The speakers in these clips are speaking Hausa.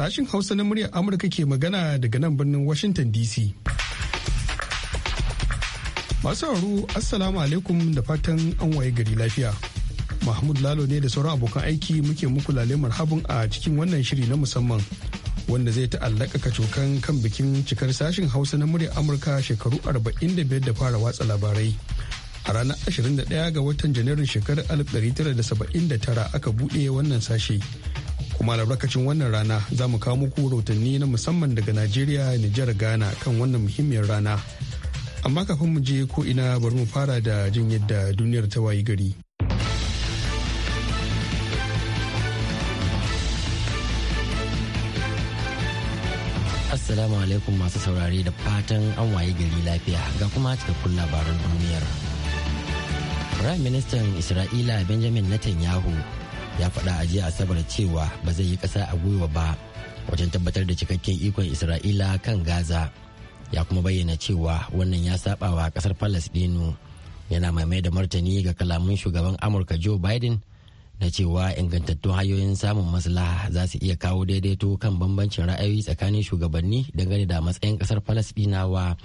Sashin Hausa na muryar Amurka ke magana daga nan birnin Washington DC. Masu sauraro Assalamu alaikum da fatan an waye gari lafiya. Mahmud Lalo ne da sauran abokan aiki muke muku lalemar habin a cikin wannan shiri na musamman wanda zai ta'allaka kacokan kan bikin cikar sashin Hausa na muryar Amurka shekaru 45 da fara watsa labarai. A ranar 21 ga watan Janairun shekarar 1979 aka buɗe wannan sashe kuma albarkacin wannan rana za mu kawo muku rahotanni na musamman daga najeriya nijar ghana kan wannan muhimmiyar rana amma kafin mu je ko ina bari mu fara da jin yadda duniyar ta wayi gari assalamu alaikum masu saurare da fatan an waye gari lafiya ga kuma cikakkun labaran duniyar Prime Ministan Isra'ila Benjamin Netanyahu ya faɗa a jiya asabar cewa ba zai yi ƙasa a gwiwa ba wajen tabbatar da cikakken ikon isra'ila kan gaza ya kuma bayyana cewa wannan ya saba wa ƙasar palestinu yana mai da martani ga kalamun shugaban amurka joe biden na cewa ingantattun hanyoyin samun maslaha za su iya kawo daidaito kan bambancin ra'ayoyi tsakanin shugabanni dangane da matsayin ƙasar palestinawa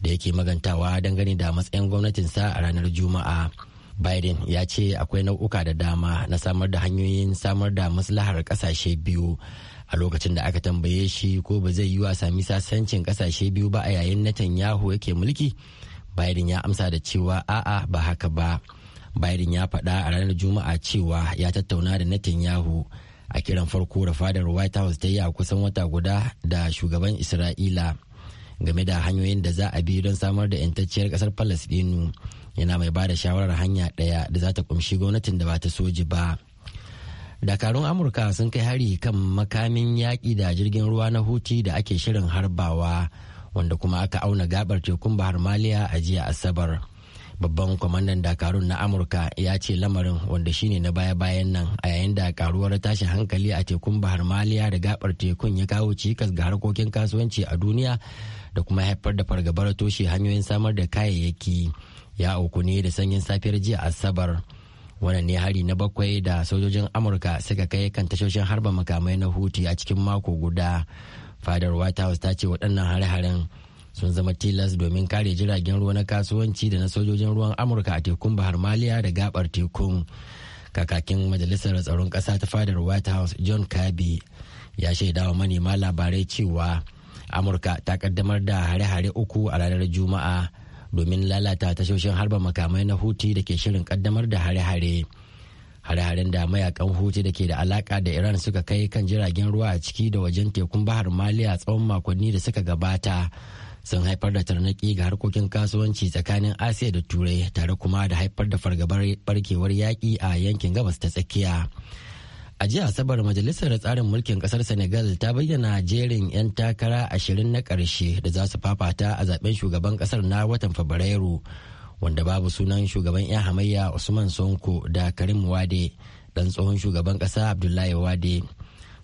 da yake magantawa dangane da matsayin gwamnatinsa a ranar juma'a. biden ya ce akwai nau'uka da dama na samar da hanyoyin samar da maslahar kasashe biyu a lokacin da aka tambaye shi ko ba zai yi wa sami sasancin kasashe biyu ba a yayin netanyahu yake mulki biden ya amsa da cewa a'a ba haka ba biden ya faɗa a ranar juma'a cewa ya tattauna da netanyahu a kiran farko da fadar white house ta yi a kusan wata guda da shugaban isra'ila game da hanyoyin da za a bi don samar da 'yantacciyar kasar palestinu yana mai ba da shawarar hanya ɗaya da za ta kumshi gwamnatin da ba ta soji ba dakarun amurka sun kai hari kan makamin yaƙi da jirgin ruwa na huti da ake shirin harbawa wanda kuma aka auna gabar tekun bahar maliya a jiya asabar babban kwamandan dakarun na amurka ya ce lamarin wanda shine na baya-bayan nan a yayin da karuwar tashin hankali a tekun bahar maliya da gabar tekun ya kawo cikas ga harkokin kasuwanci a duniya da kuma haifar da fargabar toshe hanyoyin samar da kayayyaki ya auku ne da sanyin safiyar jiya asabar wannan ne hari na bakwai da sojojin amurka suka kai kan tashoshin harba makamai na huti a cikin mako guda fadar white house ta ce waɗannan hare-haren sun zama tilas domin kare jiragen ruwa na kasuwanci da na sojojin ruwan amurka a tekun bahar maliya da gabar tekun kakakin majalisar tsaron ƙasa ta fadar white house john kirby ya shaidawa manema labarai cewa amurka ta ƙaddamar da hare-hare uku a ranar juma'a domin lalata tashoshin harba makamai na huti da ke shirin kaddamar da hare-hare hare-haren da mayakan huti da ke da alaka da iran suka kai kan jiragen ruwa a ciki da wajen tekun bahar maliya tsawon makonni da suka gabata sun haifar da tarnaki ga harkokin kasuwanci tsakanin asiya da turai tare kuma da haifar da fargabar barkewar yaƙi a yankin gabas ta tsakiya A jiya Asabar Majalisar Tsarin Mulkin Kasar Senegal ta bayyana jerin 'yan takara ashirin na ƙarshe da za su fafata a zaben shugaban ƙasar na watan Fabrairu, wanda babu sunan shugaban 'yan hamayya Usman Sonko da Karim Wade, ɗan tsohon shugaban ƙasa Abdullahi Wade.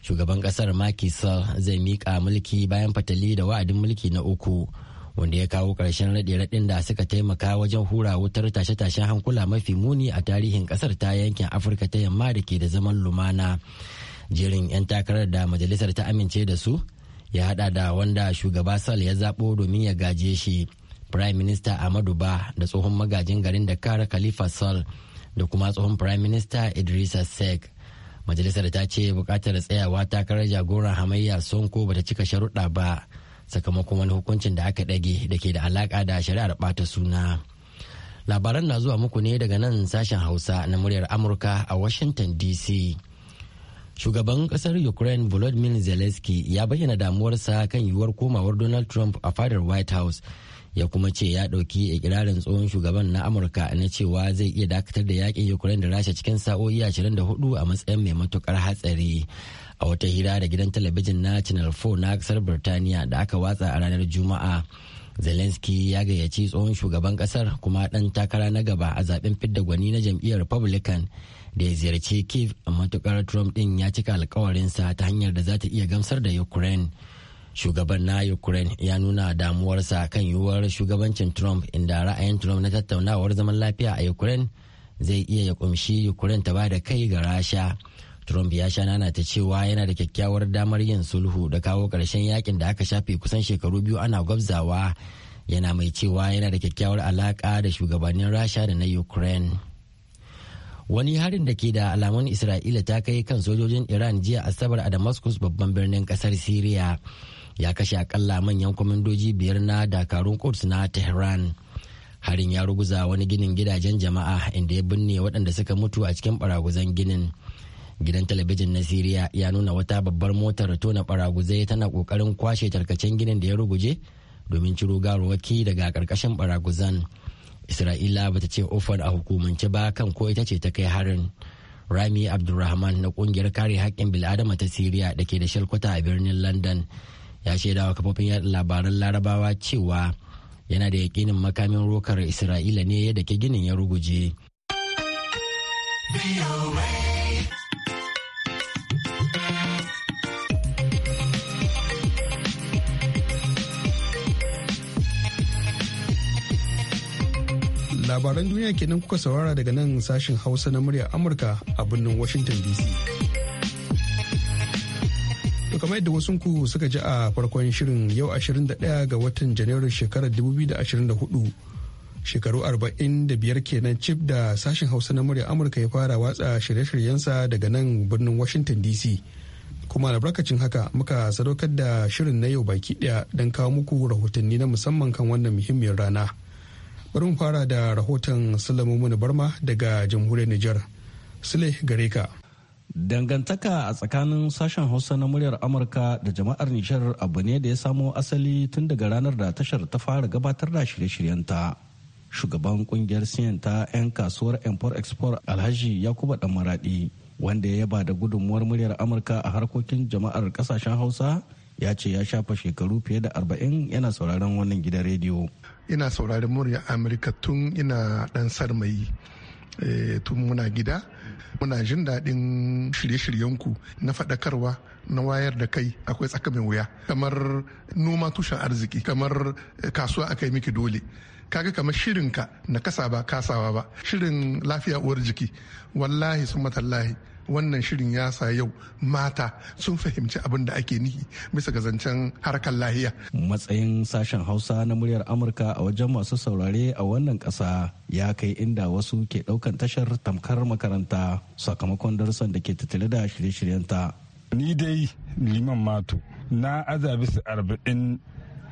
Shugaban ƙasar Macky zai miƙa mulki bayan fatali da wa'adin mulki na uku. wanda ya kawo ƙarshen raɗe-raɗin da suka taimaka wajen hura wutar tashe-tashen hankula mafi muni a tarihin ƙasar ta yankin afirka ta yamma da ke da zaman lumana jerin 'yan takarar da majalisar ta amince da su ya hada da wanda shugaba sal ya zaɓo domin ya gaje shi prime minister amadu ba da tsohon magajin garin da kara khalifa sal da kuma tsohon prime minister idrisa sek majalisar ta ce bukatar tsayawa takarar jagoran hamayya sonko bata cika sharuɗa ba sakamakon wani hukuncin da aka ɗage da ke da alaƙa da shari'ar ɓata suna. Labaran na zuwa muku ne daga nan sashen Hausa na muryar Amurka a Washington DC. Shugaban ƙasar Ukraine Volodymyr Zelensky ya bayyana damuwarsa kan yiwuwar komawar Donald Trump a fadar White House ya kuma ce ya ɗauki ikirarin tsohon shugaban na Amurka na cewa zai iya dakatar da yakin Ukraine da Rasha cikin sa'o'i 24 a matsayin mai matukar hatsari. a wata hira da gidan talabijin na channel 4 na kasar birtaniya da aka watsa a ranar juma'a zelensky ya gayyaci tsohon shugaban kasar kuma dan takara na gaba a zaben fidda gwani na jam'iyyar republican da ya ziyarci kiev matukar trump din ya cika sa ta hanyar da za ta iya gamsar da ukraine shugaban na ukraine ya nuna damuwarsa kan yiwuwar shugabancin trump inda ra'ayin trump na tattaunawar zaman lafiya a ukraine zai iya ya kumshi ukraine ta ba da kai ga rasha Trump ya sha nana ta cewa yana da kyakkyawar damar yin sulhu da kawo ƙarshen yakin da aka shafe kusan shekaru biyu ana gwabzawa yana mai cewa yana da kyakkyawar alaƙa da shugabannin Rasha da na Ukraine. Wani harin da ke da alamun Isra'ila ta kai kan sojojin Iran jiya Asabar a Damascus babban birnin kasar syria ya kashe akalla manyan kwamandoji biyar na dakarun kurs na Tehran. Harin ya ruguza wani ginin gidajen jama'a inda ya binne waɗanda suka mutu a cikin baraguzan ginin. gidan talabijin na siriya ya nuna wata babbar motar tona baraguzai tana kokarin kwashe tarkacen ginin da ya ruguje domin ciro garuwaki daga karkashin baraguzan isra'ila bata ce ofar a hukumance ba kan ko ita ce ta kai harin rami abdulrahman na kungiyar kare haƙƙin bil'adama ta siriya da ke da shalkwata a birnin london ya shaidawa kafofin yaɗa labaran larabawa cewa yana da yaƙinin makamin rokar isra'ila ne yadda ke ginin ya ruguje. labaran duniya kenan kuka saurara daga nan sashen hausa na murya amurka a birnin washington dc to kamar yadda wasu ku suka ji a farkon shirin yau 21 ga watan janairun shekarar 2024 shekaru 45 kenan cif da sashen hausa na murya amurka ya fara watsa shirye-shiryensa daga nan birnin washington dc kuma albarkacin haka muka sadaukar da shirin na yau baki daya don kawo muku rahotanni na musamman kan wannan muhimmiyar rana bari mu fara da rahoton sulamumun barma daga jamhuriyar nijar sule gare ka dangantaka a tsakanin sashen hausa na muryar amurka da jama'ar nishar abu ne da ya samo asali tun daga ranar da tashar ta fara gabatar da shirye-shiryenta shugaban kungiyar siyan ta 'yan kasuwar import export alhaji yakuba dan maradi wanda ya yaba da gudunmuwar muryar amurka a harkokin jama'ar kasashen hausa ya ce ya shafa shekaru fiye da arba'in yana sauraron wannan gidan rediyo ina saurari murya amurka tun ina dan sarmai eh, tun muna gida muna jin daɗin shirye-shiryenku na faɗakarwa na wayar da kai akwai tsaka wuya kamar noma tushen arziki kamar eh, kasuwa aka yi miki dole kaga kamar shirinka na kasa ba kasawa ba shirin lafiya uwar jiki wallahi sun matallahi wannan shirin ya sa yau mata sun fahimci abin da ake nihi bisa ga zancen harkar lahiya. Matsayin sashen Hausa na muryar Amurka a wajen masu saurare a wannan ƙasa ya kai inda wasu ke ɗaukan tashar tamkar makaranta sakamakon darussan da ke tattale da shirye-shiryenta. Ni dai liman mato na azabi su arba'in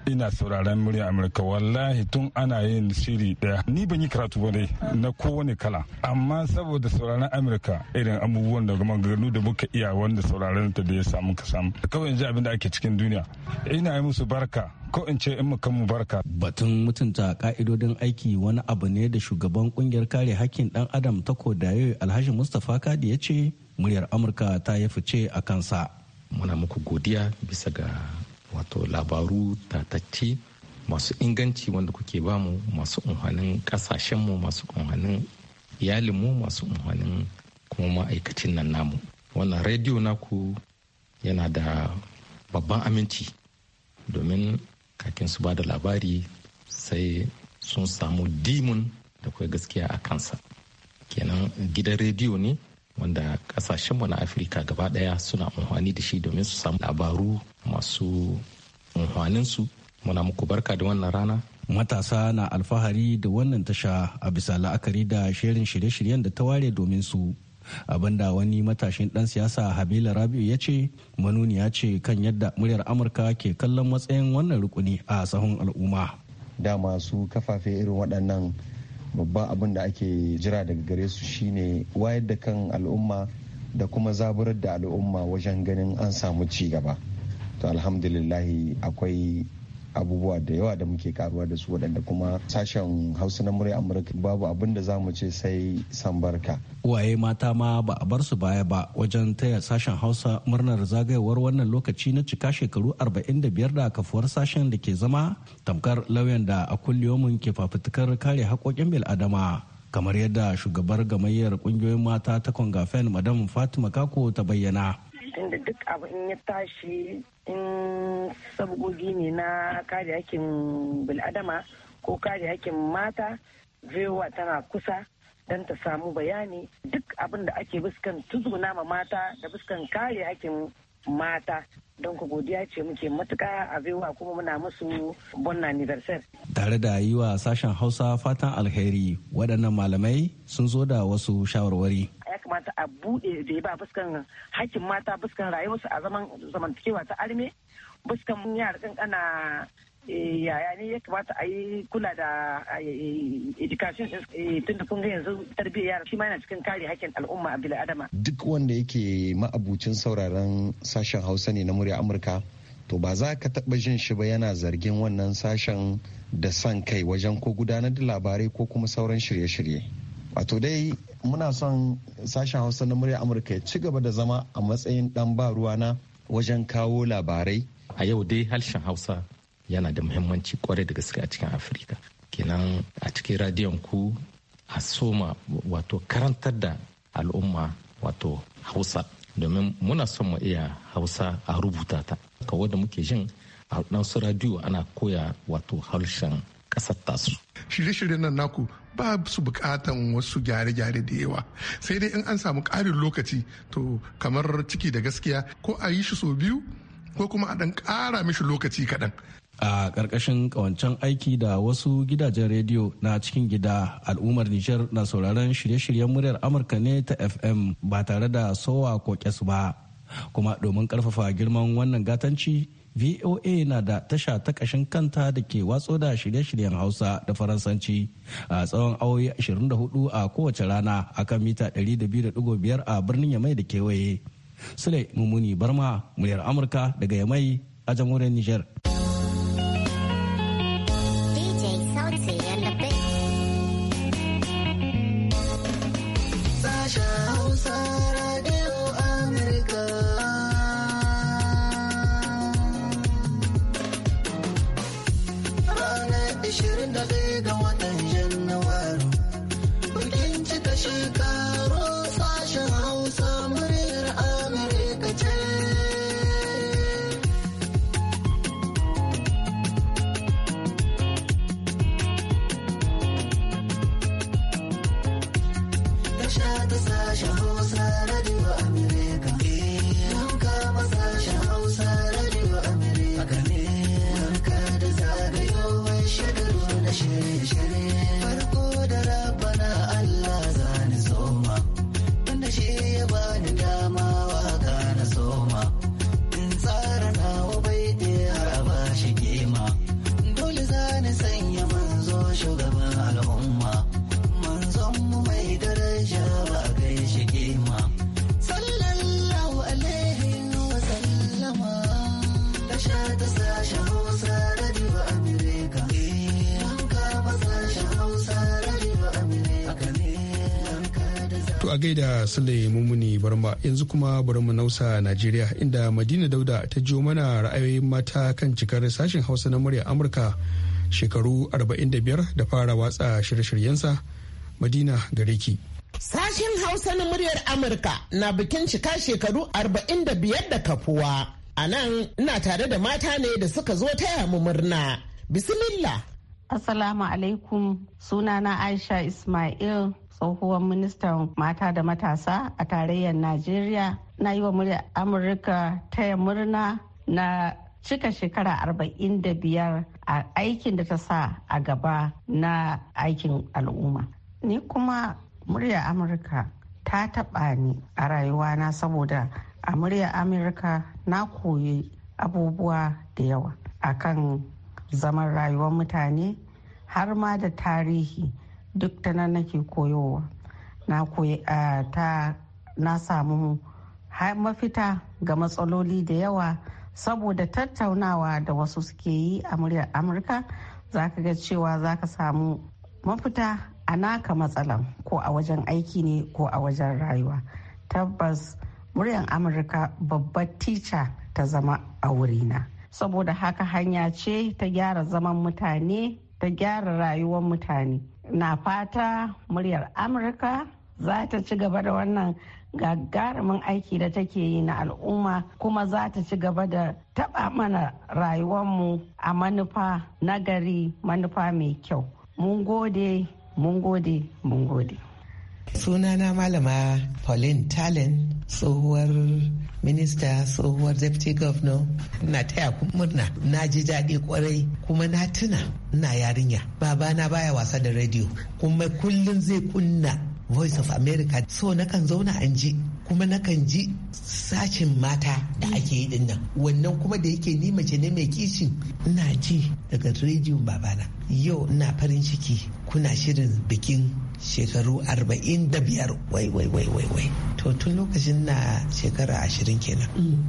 ina sauraron murya amurka wallahi tun ana yin shiri daya ni ban yi karatu ba dai na kowane kala amma saboda sauraron amurka irin abubuwan da ganu da muka iya wanda sauraron ta da ya samu ka samu kawai yanzu abin da ake cikin duniya ina yi musu barka ko in ce in mu barka. Batun mutunta ka'idodin aiki wani abu ne da shugaban kungiyar kare hakkin dan adam ta kodaye Alhaji Mustapha Kadi ya ce muryar Amurka ta ya fice a kansa. Muna muku godiya bisa ga wato labaru tatacce masu inganci wanda kuke bamu masu unhanin kasashenmu masu unhanin iyalinmu masu unhanin kuma ma'aikacin nan namu wannan rediyo naku yana da babban aminci domin kakin su ba da labari sai sun samu dimun da kai gaskiya a kansa kenan gidan rediyo ne wanda kasashenmu na afirka gaba daya suna amfani da shi domin su samu labaru masu amfaninsu muna muku barka da wannan rana matasa na alfahari da wannan tasha a bisa la'akari da shirin shirye-shiryen da ta ware domin su abinda wani matashin dan siyasa habila rabiu ya ce manuniya ce kan yadda muryar amurka ke kallon matsayin wannan rukuni a sahun al'umma Da masu kafafe irin waɗannan babban abin da ake jira daga gare su shine wayar da kan al'umma da kuma zaburar da al'umma wajen ganin an samu ci gaba to alhamdulillahi akwai abubuwa da yawa da muke karuwa da su waɗanda kuma sashen hausa na murya amurka babu abin da za mu ce sai san barka uwaye mata ma ba a bar su baya ba wajen taya sashen hausa murnar zagayowar wannan lokaci na cika shekaru 45 da kafuwar sashen da ke zama tamkar lauyan da a kulliyomin ke fafutukar kare haƙoƙin bil'adama kamar yadda shugabar gamayyar ƙungiyoyin mata ta kongafen madam fatima kako ta bayyana tunda duk abu in ya tashi in sabgogi ne na kare hakin bil'adama ko kare hakin mata VOA tana kusa don ta samu bayani duk abin da ake buskan tuzuna ma mata da buskan kare hakin mata don ku godiya ce muke matuka a baiwa kuma muna musu bonna anniversaire. Tare da yi wa sashen Hausa fatan alheri waɗannan malamai sun zo da wasu shawarwari. kamata a buɗe da ya ba fuskan hakkin mata fuskan rayuwarsu a zaman zamantakewa ta arme fuskan yara kankana eh, yaya ne ya kamata a yi kula da eh, education eh, tun da kunga yanzu tarbiyyar yara shi ma yana cikin kare hakkin al'umma a bil'adama. Duk wanda yake ma'abucin sauraron sashen Hausa ne na murya Amurka to ba za ka taba jin shi ba yana zargin wannan sashen da san kai wajen ko gudanar da labarai ko kuma sauran shirye-shirye. Wato dai muna son sashen hausa na murya amurka ya ci gaba da zama a matsayin dan ba ruwana wajen kawo labarai a yau dai harshen hausa yana da muhimmanci kwarai da gaske a cikin afirka kenan a cikin radiyon ku a soma wato karantar da al'umma wato hausa domin muna son mu iya hausa a rubuta ta kawo da muke jin a su radiyo ana koya wato harshen kasar tasu shirye-shiryen nan naku ba su bukatan wasu gyare-gyare da yawa sai dai in an samu ƙarin lokaci to kamar ciki da gaskiya ko a yi shi sau biyu ko kuma a dan ƙara mishi lokaci kaɗan a ƙarƙashin ƙawancen aiki da wasu gidajen rediyo na cikin gida al'ummar nijar na sauraron shirye-shiryen muryar amurka ne ta fm ba tare da sowa ko ba kuma domin ƙarfafa girman wannan gatanci VOA na da tasha ta kashin kanta da ke watso da shirye-shiryen Hausa da Faransanci a tsawon awoyi 24 a kowace rana akan mita 200.5 a birnin Yamai da kewaye. Sule Mumuni Barma, muryar Amurka daga Yamai a jamhuriyar Nijar. dare da watan a gaida Sule Mumuni Barma yanzu kuma bari mu nausa Najeriya inda Madina Dauda ta jiyo mana ra'ayoyin mata kan cikar sashen Hausa na murya Amurka shekaru 45 da fara watsa shirye-shiryensa Madina gare ki. Sashen Hausa na muryar Amurka na bikin cika shekaru 45 da kafuwa. A nan ina tare da mata ne da suka zo taya mu murna. Bismillah. Assalamu alaikum sunana Aisha Ismail tsohuwan ministan mata da matasa a tarayyar najeriya na yi wa murya amurka taya murna na cika shekara arba'in da biyar a aikin da ta sa a gaba na aikin al'umma ni kuma murya amurka ta taɓa ni a rayuwana saboda a murya amurka na koyi abubuwa da yawa akan zaman rayuwar mutane har ma da tarihi duk ta nan nake koyowa na koyi ta na samu mafita ga matsaloli da yawa saboda tattaunawa da wasu suke yi a muryar amurka za ka ga cewa za ka samu mafita a naka matsalan ko a wajen aiki ne ko a wajen rayuwa tabbas muryar amurka babbar tica ta zama a wurina saboda haka hanya ce ta gyara zaman mutane ta gyara rayuwar mutane na fata muryar amurka za ta ci gaba da wannan gagarumin aiki da take yi na al'umma kuma za ta ci gaba da taba mana rayuwarmu a manufa nagari manufa mai kyau mun gode mun gode mun gode Sunana Malama Pauline Talen tsohuwar minista tsohuwar deputy governor na taya ku murna na ji daɗi kwarai kuma na tuna na yarinya babana baya wasa da rediyo kuma kullum zai kunna voice of america so na kan zauna an ji kuma nakan ji sashen mata da mm. ake yi dinnan wannan kuma da yake ni mace ne mai kishin ina ji daga rediyon babana yau ina farin ciki kuna shirin bikin shekaru 45 wai wai wai wai wai to tun lokacin na shekara ashirin kenan mm.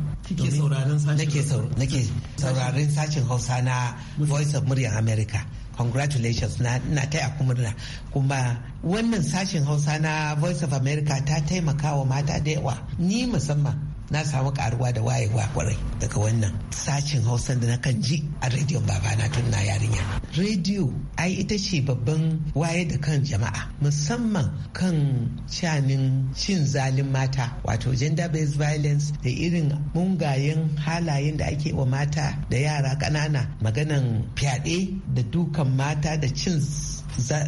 nake sauraron sashen hausa na voice of muryan america congratulations na taya a murna kuma wannan sashen hausa na voice of america ta taimaka wa mata da yawa ni musamman na samu karuwa da wayewa kwarai daga wannan sashen Hausa da na kan ji a rediyon babana tun na yarinya rediyo ai ita ce babban waye da kan jama'a musamman kan shanin cin zalin mata wato gender based violence da irin mungayen halayen da ake wa mata da yara ƙanana maganan fyaɗe da dukan mata da cin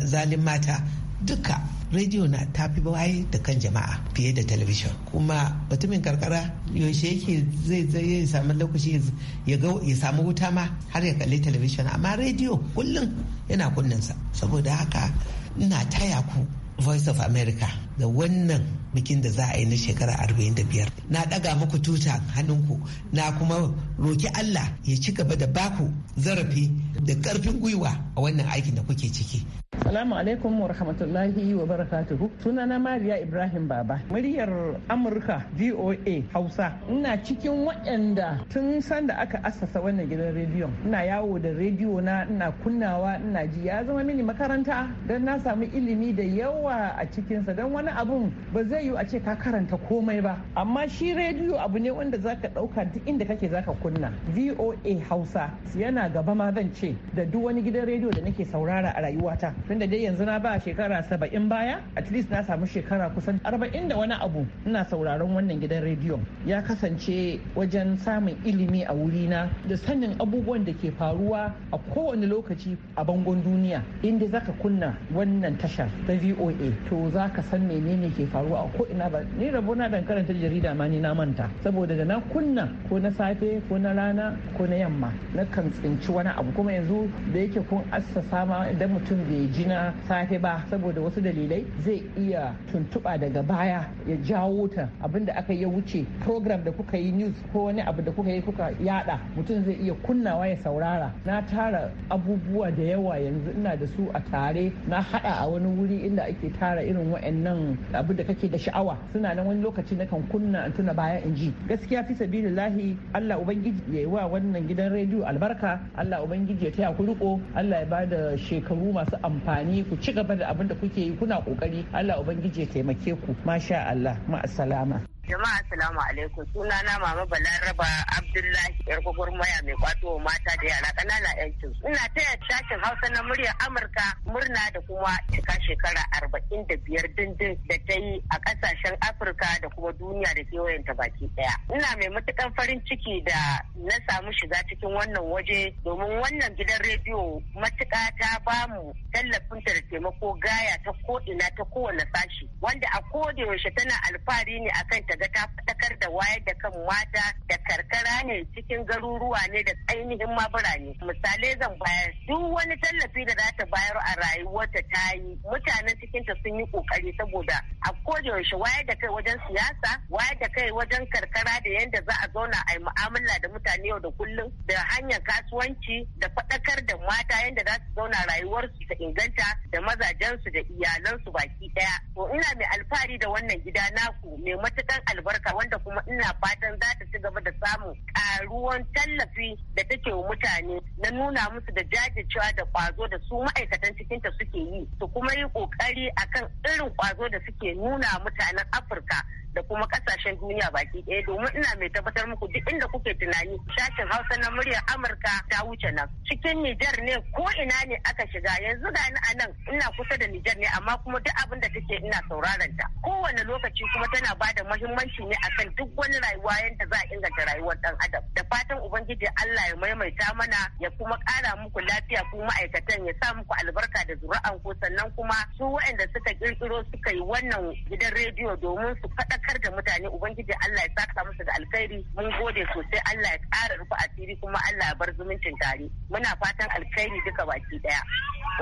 zalin mata duka rediyo na tafi waye da kan jama'a fiye da talabijin kuma mutumin karkara yaushe yake zai zai samu lokaci ya ga samu wuta ma har ya kalli talabijin amma rediyo kullum yana kunninsa saboda haka ina taya ku voice of america da wannan bikin da za a yi na shekara 45 na daga muku tuta hannunku na kuma roki Allah ya ci gaba da baku zarafi da karfin gwiwa a wannan aikin da kuke ciki Salamu alaikum wa rahmatullahi wa barakatuhu. Sunana Mariya Ibrahim Baba. Muryar Amurka VOA Hausa. Ina cikin waɗanda tun sanda aka asasa wannan gidan rediyon. Ina yawo da rediyo na ina kunnawa ina ji ya zama mini makaranta don na samu ilimi da yawa a cikinsa don wani wani abun ba zai yiwu a ce ka karanta komai ba amma shi rediyo abu ne wanda zaka dauka duk inda kake zaka kunna VOA Hausa yana gaba ma zan ce da duk wani gidan rediyo da nake saurara a rayuwata tunda dai yanzu na ba shekara saba'in baya at least na samu shekara kusan arba'in da wani abu ina sauraron wannan gidan rediyo ya kasance wajen samun ilimi a wuri na da sanin abubuwan da ke faruwa a kowane lokaci a bangon duniya inda zaka kunna wannan tashar ta VOA to zaka san me menene ke faruwa a ko ina ba ni rabu na dan karanta jarida ma ni na manta saboda da na kunna ko na safe ko na rana ko na yamma na kan tsinci wani abu kuma yanzu da yake kun assasa ma idan mutum bai ji na safe ba saboda wasu dalilai zai iya tuntuba daga baya ya jawo ta abin da aka ya wuce program da kuka yi news ko wani abu da kuka yi kuka yada mutum zai iya kunnawa ya saurara na tara abubuwa da yawa yanzu ina da su a tare na hada a wani wuri inda ake tara irin wa'annan abu abin da kake da sha'awa suna nan wani lokaci na kan kunna an tuna baya in ji gaskiya fi lahi Allah ubangiji ya yi wa wannan gidan rediyo albarka Allah ubangiji ya taya ku riko Allah ya ba da shekaru masu amfani ku ci gaba da abin da kuke yi kuna kokari Allah ubangiji ya taimake ku masha Allah salama. Jama'a assalamu alaikum sunana mama Balaraba Abdullahi yar gwagwarmaya mai kwato mata da yara ƙanana yancin ina taya sashen Hausa na muryar Amurka murna da kuma cika shekara arba'in da biyar dindin da ta yi a ƙasashen Afirka da kuma duniya da kewayenta baki ɗaya. Ina mai matukan farin ciki da na samu shiga cikin wannan waje domin wannan gidan rediyo matuƙa ta bamu tallafinta da taimako gaya ta ko'ina ta kowane sashi wanda a koda yaushe tana alfahari ne akan ta ga ta faɗakar da wayar da kan mata da karkara ne cikin garuruwa ne da ainihin ma birane misalai zan bayar duk wani tallafi da za ta bayar a rayuwarta ta yi mutanen cikinta sun yi kokari saboda a kodayaushe wayar da kai wajen siyasa wayar da kai wajen karkara da yadda za a zauna a yi mu'amala da mutane yau da kullum da hanyar kasuwanci da faɗakar da mata yadda za su zauna rayuwarsu ta inganta da mazajensu da iyalansu baki ɗaya to ina mai alfahari da wannan gida naku mai matukan albarka wanda kuma ina fatan za ta ci gaba da samun karuwan tallafi da take wa mutane na nuna musu da jajircewa da kwazo da su ma'aikatan cikinta suke yi su kuma yi kokari akan irin kwazo da suke nuna mutanen afirka da kuma kasashen duniya baki ɗaya domin ina mai tabbatar muku duk inda kuke tunani shashin hausa na muryar amurka ta wuce nan cikin nijar ne ko ina ne aka shiga yanzu ga ni a nan ina kusa da nijar ne amma kuma duk abin da take ina sauraron ta kowane lokaci kuma tana ba da muhimmanci muhimmanci ne akan duk wani rayuwa yadda za a inganta rayuwar dan adam da fatan ubangiji Allah ya maimaita mana ya kuma kara muku lafiya ku ma'aikatan ya sa muku albarka da zuri'an ku sannan kuma su waɗanda suka kirkiro suka yi wannan gidan rediyo domin su faɗakar da mutane ubangiji Allah ya saka musu da alkhairi mun gode sosai Allah ya ƙara rufe asiri kuma Allah ya bar zumuncin tare muna fatan alkhairi duka baki daya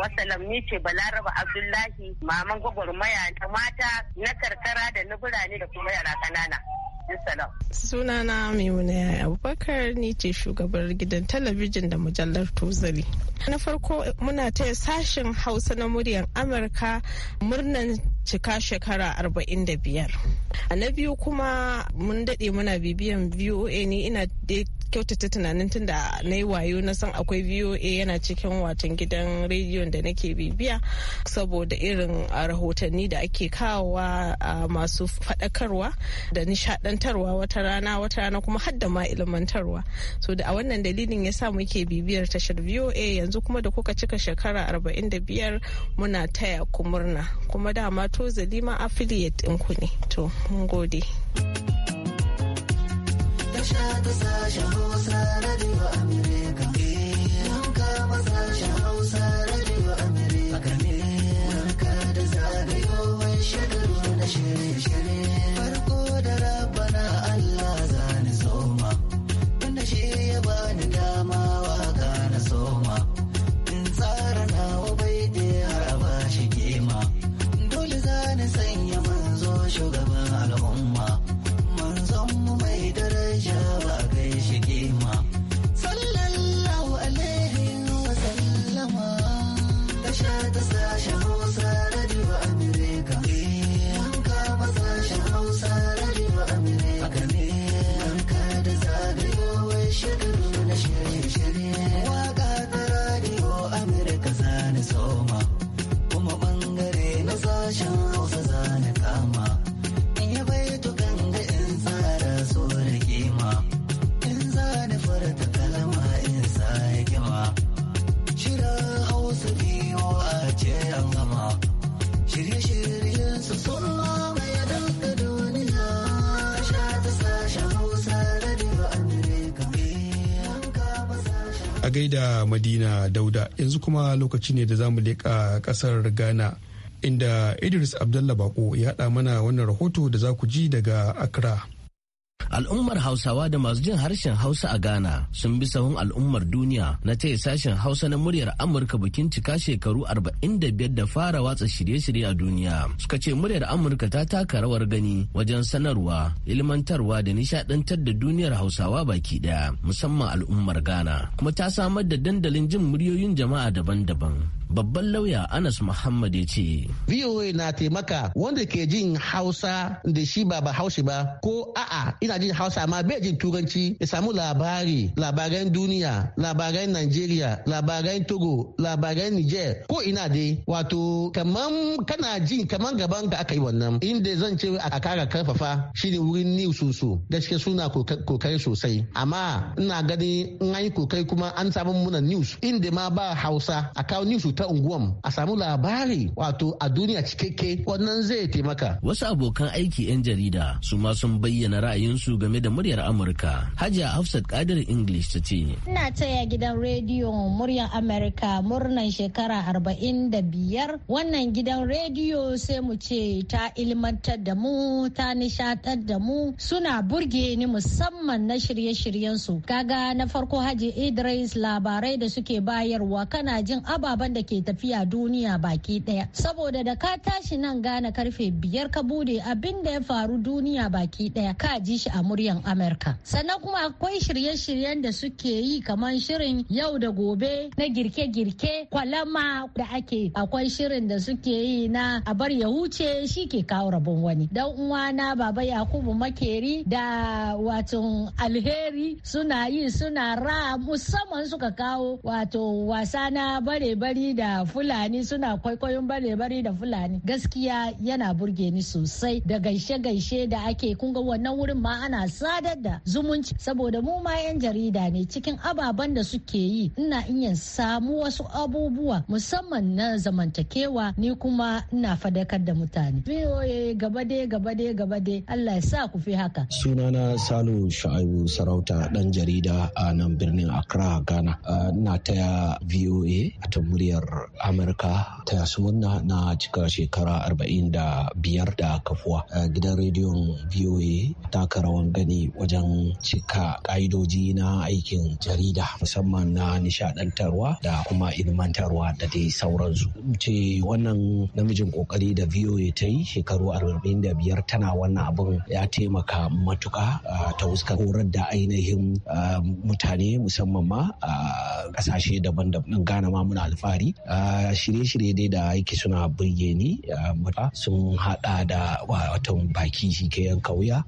wasalam ni ce balaraba abdullahi maman gwagwarmaya ta mata na karkara da na birane da kuma yara Suna Sunana Maimuna Abubakar ni ce shugabar gidan talabijin da mujallar Tozali. Na farko muna taya sashen Hausa na muryar Amurka murnan cika shekara arba'in da biyar na biyu kuma mun daɗe muna bibiyan VOA ne ina kyautata tunanin tun da na yi wayo na san akwai voa yana cikin watan gidan rediyon da nake bibiya saboda irin rahotanni da ake kawowa masu faɗakarwa da nishaɗantarwa wata rana wata rana kuma har ma ilmantarwa so da a wannan dalilin ya sa muke bibiyar tashar voa yanzu kuma da kuka cika shekara arba'in da biyar muna taya ku murna kuma dama to zalima affiliate ɗinku ne to mun gode. sha ta sashen Hausa Radio Amerika. Kun kama sashen Hausa Radio Amerika ne. Barka da zagayowar shekaru na shirye-shirye. Farko da rabana Allah zani zoma. Wanda shi ya bani dama waka na soma. In tsara nawa bai har a bashi kima. Dole zani sanya manzo shugaban. gaida Madina Dauda yanzu kuma lokaci ne da zamu leƙa ƙasar Ghana inda Idris Abdullah Bako ya haɗa mana wannan rahoto da za ku ji daga Accra. Al'ummar Hausawa da masu jin harshen Hausa a Ghana sun bi sahun al'ummar duniya na taya sashen Hausa na muryar Amurka bikin cika shekaru 45 da fara watsa shirye-shirye a duniya. Suka ce muryar Amurka ta taka rawar gani wajen sanarwa, ilmantarwa da nishadantar da duniyar Hausawa baki daya, musamman al'ummar Ghana, kuma ta samar da dandalin jin muryoyin jama'a daban-daban. babban lauya anas muhammad ya ce voa na taimaka wanda ke jin hausa da shi ba ba haushi ba ko a'a ina jin hausa amma bai jin turanci ya samu labari labaran duniya labaran nigeria labaran togo labaran niger ko ina dai wato kaman kana jin kaman gaban ka aka yi wannan inda zan ce a kara karfafa shine wurin ni soso gaske suna kokari sosai amma ina gani in an yi kokari kuma an samu muna news inda ma ba hausa a kawo news ta unguwan a samu labari wato a duniya cikakke wannan zai taimaka. Wasu abokan aiki 'yan jarida su ma sun bayyana ra'ayinsu game da muryar Amurka. Hajiya Hafsat Kadir English ta ce. Ina taya gidan rediyo muryar Amurka murnan shekara arba'in da biyar. Wannan gidan rediyo sai mu ce ta ilmantar da mu ta nishaɗar da mu suna burge ni musamman na shirye-shiryensu. Kaga na farko Haji Idris labarai da suke bayarwa kana jin ababen da ke tafiya duniya baki daya saboda da ka tashi nan gane karfe biyar ka bude abin da ya faru duniya baki daya ka ji shi a muryan amurka sannan kuma akwai shirye-shiryen da suke yi kamar shirin yau da gobe na girke-girke kwalama da ake akwai shirin da suke yi na a bar ya huce shi ke kawo rabon wani dan uwana baba yakubu makeri da wato alheri suna yi suna ra musamman suka kawo wato wasa na bare-bari da fulani suna kwaikwayon bare bari da fulani gaskiya yana burge ni sosai da gaishe-gaishe da ake kunga wannan wurin ma ana sadar da zumunci saboda mu ma 'yan jarida ne cikin ababen da suke yi ina iya samu wasu abubuwa musamman na zamantakewa ni kuma ina fadakar da mutane. VOA gaba dai gaba dai gaba dai Allah ya sa ku fi haka. Sunana Salu Shu'aibu Sarauta dan jarida a nan birnin Accra Ghana. Ah, na taya VOA a muryar amurka ta suna na cika shekara 45 da kafuwa gidan rediyon voa ta karawan gani wajen cika ƙa'idoji na aikin jarida musamman na nishadantarwa da kuma ilmantarwa da dai sauransu ce wannan namijin kokari da voa ta yi shekaru 45 tana wannan abin ya taimaka matuka ta wuskar horar da ainihin mutane musamman ma a kasashe daban-daban gana ma muna alfahari shirye-shirye dai da yake suna burge ni mura sun hada da watan baki shi ke yan kauya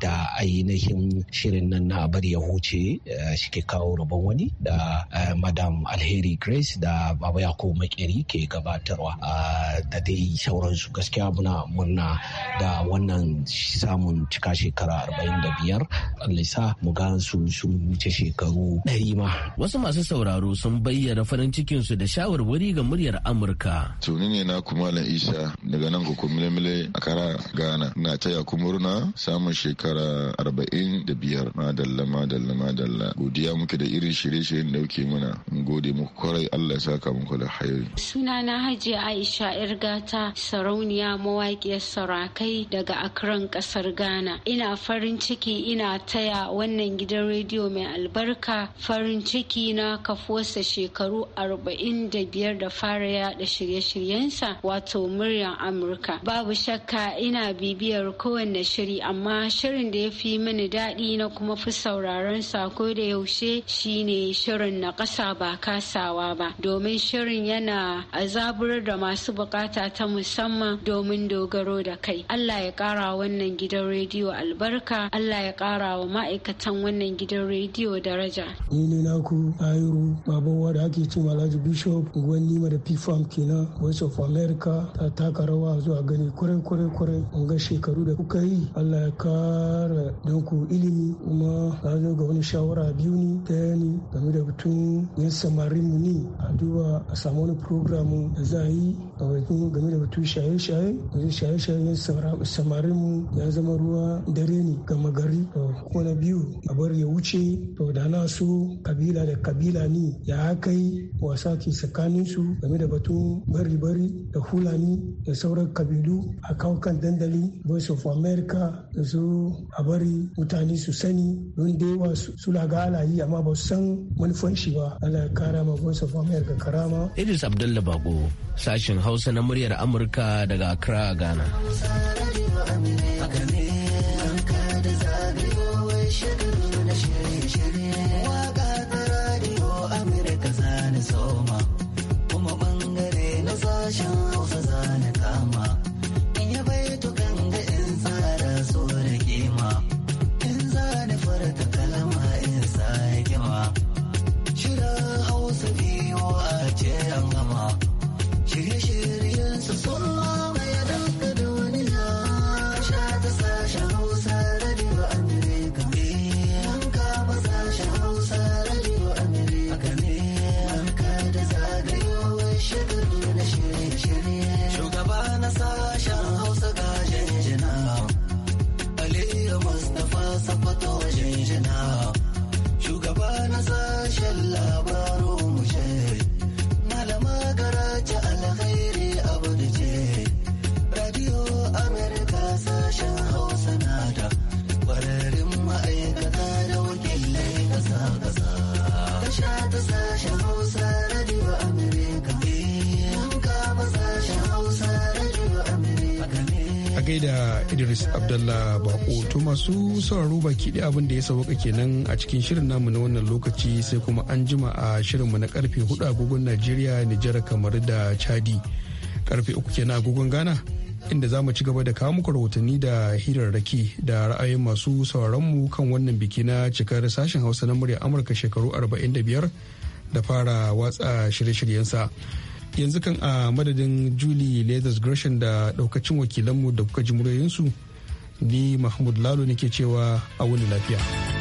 da ainihin shirin nan na bari ya huce shi ke kawo rabon wani da madam alheri grace da baba yako makeri ke gabatarwa da dai sauransu gaskiya muna murna da wannan samun cika shekara 45 alisa mu gan su sun wuce shekaru 100 ma wasu masu sauraro sun bayyana farin cikinsu da shawar shawarwari ga muryar Amurka. Tuni ne na kuma Malam Isa daga nan mile a kara Ghana. Na taya ku murna samun shekara arba'in da biyar. Madalla madalla madalla. Godiya muke da irin shirye-shiryen da kuke mana. Mun gode muku kwarai Allah ya saka muku da Suna Sunana Hajiya Aisha Irgata sarauniya mawaƙiyar sarakai daga Akran ƙasar Ghana. Ina farin ciki ina taya wannan gidan rediyo mai albarka farin ciki na kafuwarsa shekaru arba'in da biyar da fara yada shirye-shiryensa wato muryar Amurka. Babu shakka ina bibiyar kowanne shiri amma shirin da ya fi mini daɗi na kuma fi sauraron sa ko da yaushe shine shirin na ƙasa ba kasawa ba domin shirin yana azaburar da masu bukata ta musamman domin dogaro da kai. Allah ya ƙara wannan gidan rediyo albarka, Allah ya ƙara wa ma'aikatan wannan gidan rediyo daraja. Ni ne naku ayuru Baban wanda ake cin Alhaji Bishop unguwar nima da pfam kenan voice of america ta taka rawa zuwa gani kwarai kwarai kwarai ga shekaru da kuka yi allah ya kara danku ilimi kuma ka zo ga wani shawara biyu ne ɗaya ne game da batun yan samarin mu ne a duba a samu wani program da za a yi a wajen game da batun shaye-shaye wajen shaye-shaye yan samarin mu ya zama ruwa dare ne gama gari kuma na biyu a bar ya wuce to da na so kabila da kabila ne ya kai wasa ke saka su game da batun bari-bari da hulani da sauran kabilu a kawo dandali voice of america da su a bari mutane su sani don da yawa suna alayi amma ba su san manufan shi ba ala kara ma voice of america karama idris abdullahi bako sashen hausa na muryar amurka daga accra ghana explosion a gaida idris abdullah bako to masu sauraro baki ɗaya abin da ya sauka kenan a cikin shirin namu na wannan lokaci sai kuma an jima a shirinmu na karfe hudu agogon najeriya nijar kamar da chadi karfe uku kenan agogon ghana inda za mu ci gaba da kawo muku rahotanni da hirarraki da ra'ayin masu sauraronmu kan wannan biki na cikar sashen hausa na murya amurka shekaru 45 da fara watsa shirye-shiryensa. sa yanzu kan a madadin julie leathers gershon da daukacin wakilanmu da kuka ji muryoyinsu ni mahmud lalo nake cewa a wani lafiya.